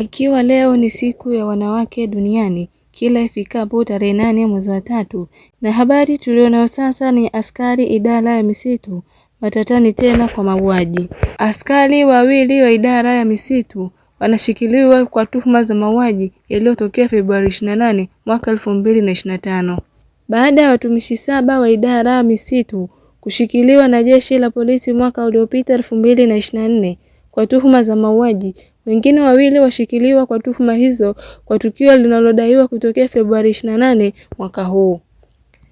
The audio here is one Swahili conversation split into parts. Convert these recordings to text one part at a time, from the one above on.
Ikiwa leo ni siku ya wanawake duniani kila ifikapo tarehe nane mwezi wa tatu, na habari tulionayo sasa ni askari idara ya misitu matatani tena kwa mauaji. Askari wawili wa idara ya misitu wanashikiliwa kwa tuhuma za mauaji yaliyotokea Februari 28 mwaka 2025 baada ya watumishi saba wa idara ya misitu kushikiliwa na jeshi la polisi mwaka uliopita 2024 kwa tuhuma za mauaji. Wengine wawili washikiliwa kwa tuhuma hizo kwa tukio linalodaiwa kutokea Februari 28 mwaka huu.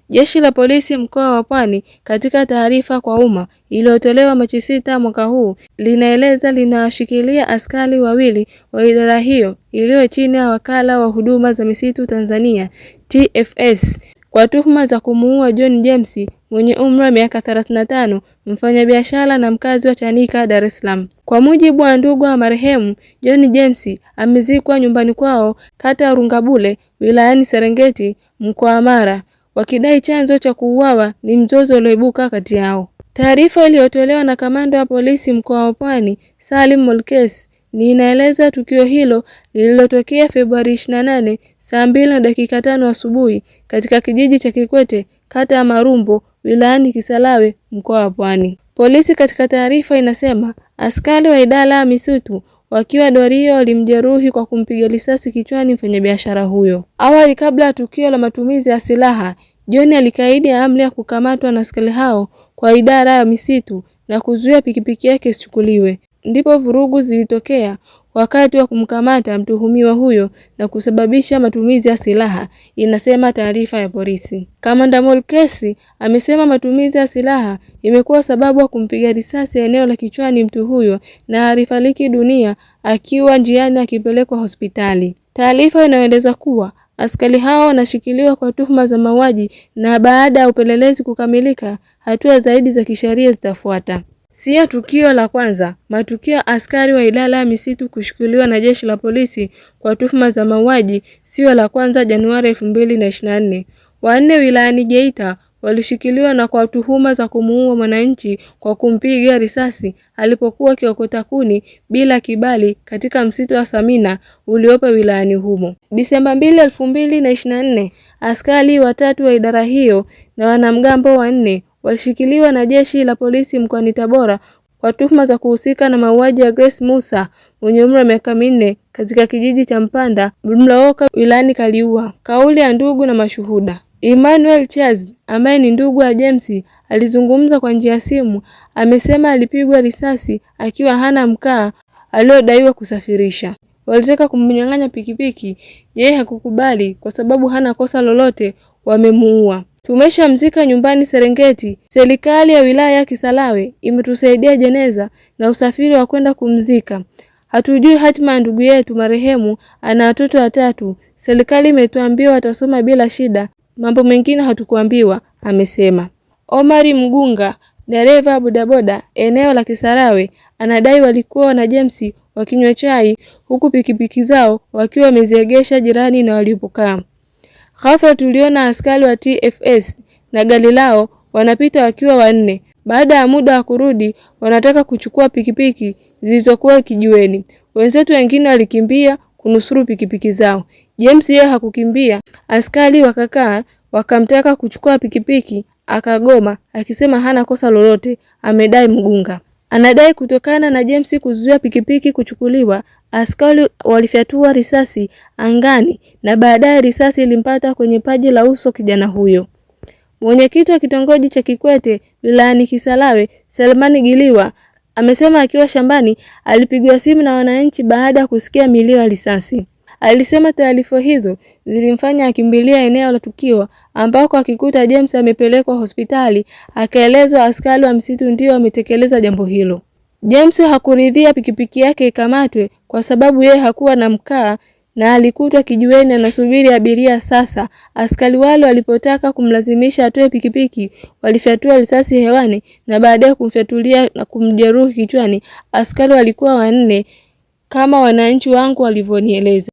Jeshi la polisi mkoa wa Pwani katika taarifa kwa umma iliyotolewa Machi sita mwaka huu linaeleza linawashikilia askari wawili wa idara hiyo iliyo chini ya wakala wa huduma za misitu Tanzania TFS kwa tuhuma za kumuua John James mwenye umri wa miaka 35, mfanyabiashara na mkazi wa Chanika, Dar es Salaam. Kwa mujibu wa ndugu wa marehemu, John James amezikwa nyumbani kwao kata ya Rungabule wilayani Serengeti mkoa wa Mara, wakidai chanzo cha kuuawa ni mzozo ulioibuka kati yao. Taarifa iliyotolewa na kamanda wa polisi mkoa wa Pwani, Salim Molkes ninaeleza tukio hilo lililotokea Februari 28 saa mbili na dakika tano asubuhi katika kijiji cha Kikwete, kata ya Marumbo, wilayani Kisarawe, mkoa wa Pwani. Polisi katika taarifa inasema askari wa idara ya misitu wakiwa doria walimjeruhi kwa kumpiga risasi kichwani mfanyabiashara huyo. Awali, kabla ya tukio la matumizi ya silaha, John alikaidi amri ya kukamatwa na askari hao kwa idara ya misitu na kuzuia pikipiki yake isichukuliwe ndipo vurugu zilitokea wakati wa kumkamata mtuhumiwa huyo na kusababisha matumizi ya silaha, inasema taarifa ya polisi. Kamanda Molkesi amesema matumizi ya silaha imekuwa sababu ya kumpiga risasi eneo la kichwani mtu huyo na alifariki dunia akiwa njiani akipelekwa hospitali. Taarifa inayoeleza kuwa askari hao wanashikiliwa kwa tuhuma za mauaji na baada ya upelelezi kukamilika, hatua zaidi za kisheria zitafuata. Siyo tukio la kwanza. Matukio ya askari wa idara ya misitu kushukuliwa na jeshi la polisi kwa tuhuma za mauaji siyo la kwanza. Januari elfu mbili na ishirini na nne, wanne wilayani Geita walishikiliwa na kwa tuhuma za kumuua mwananchi kwa kumpiga risasi alipokuwa kiokota kuni bila kibali katika msitu wa Samina uliopo wilayani humo. Disemba mbili elfu mbili na ishirini na nne, askari watatu wa idara hiyo na wanamgambo wanne walishikiliwa na jeshi la polisi mkoani Tabora kwa tuhuma za kuhusika na mauaji ya Grace Musa mwenye umri wa miaka minne katika kijiji cha Mpanda mlooka wilayani Kaliua. Kauli ya ndugu na mashuhuda. Emmanuel Charles ambaye ni ndugu wa James alizungumza kwa njia ya simu, amesema alipigwa risasi akiwa hana mkaa aliyodaiwa kusafirisha. Walitaka kumnyang'anya pikipiki, yeye hakukubali kwa sababu hana kosa lolote, wamemuua. Tumeshamzika nyumbani Serengeti. Serikali ya wilaya ya Kisarawe imetusaidia jeneza na usafiri wa kwenda kumzika. Hatujui hatima ya ndugu yetu marehemu, ana watoto watatu. Serikali imetuambia watasoma bila shida, mambo mengine hatukuambiwa, amesema. Omari Mgunga, dereva bodaboda eneo la Kisarawe, anadai walikuwa na James wakinywa chai, huku pikipiki zao wakiwa wameziegesha jirani na walipokaa. Ghafla tuliona askari wa TFS na gari lao wanapita wakiwa wanne. Baada ya muda wa kurudi, wanataka kuchukua pikipiki zilizokuwa kijiweni. Wenzetu wengine walikimbia kunusuru pikipiki zao. James yeye hakukimbia, askari wakakaa wakamtaka kuchukua pikipiki, akagoma akisema hana kosa lolote, amedai mgunga. Anadai kutokana na James kuzuia pikipiki kuchukuliwa Askari walifyatua risasi angani na baadaye risasi ilimpata kwenye paji la uso kijana huyo. Mwenyekiti wa kitongoji cha Kikwete wilayani Kisarawe, Selemani Giliwa, amesema akiwa shambani alipigwa simu na wananchi baada ya kusikia milio ya risasi. Alisema taarifa hizo zilimfanya akimbilia eneo la tukio ambako akikuta James amepelekwa hospitali, akaelezwa askari wa msitu ndio ametekeleza jambo hilo. James hakuridhia pikipiki yake ikamatwe kwa sababu yeye hakuwa na mkaa na alikutwa kijiweni anasubiri abiria. Sasa askari wale walipotaka kumlazimisha atoe pikipiki, walifyatua risasi hewani na baadaye kumfyatulia na kumjeruhi kichwani. Askari walikuwa wanne, kama wananchi wangu walivyonieleza.